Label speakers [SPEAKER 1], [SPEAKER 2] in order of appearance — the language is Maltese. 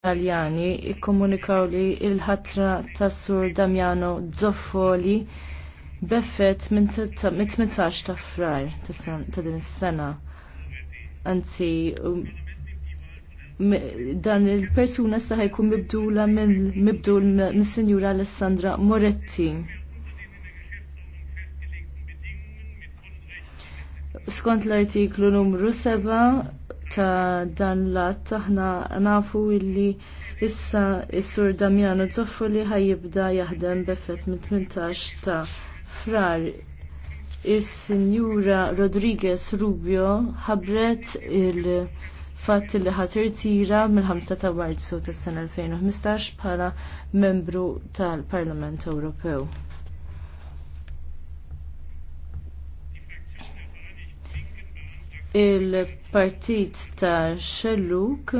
[SPEAKER 1] Italjani ikkomunikaw li il-ħatra tas Sur Damjano Zoffoli beffet minn 18 ta' frar ta' din is-sena. Anzi, um, dan il-persuna sa' ħajkun mibdula minn mibdul minn Sinjura Alessandra Moretti. Skont l-artiklu numru 7 ta' dan l-att aħna nafu illi issa is-sur Damjano Zoffu li ħajibda jaħdem befet mit-18 ta' frar. Is-Sinjura Rodriguez Rubio ħabret il- fatt li ħatir tira mill-5 ta' marzu tas-sena 2015 bħala membru tal-Parlament Ewropew.
[SPEAKER 2] il-partit ta' Xelluk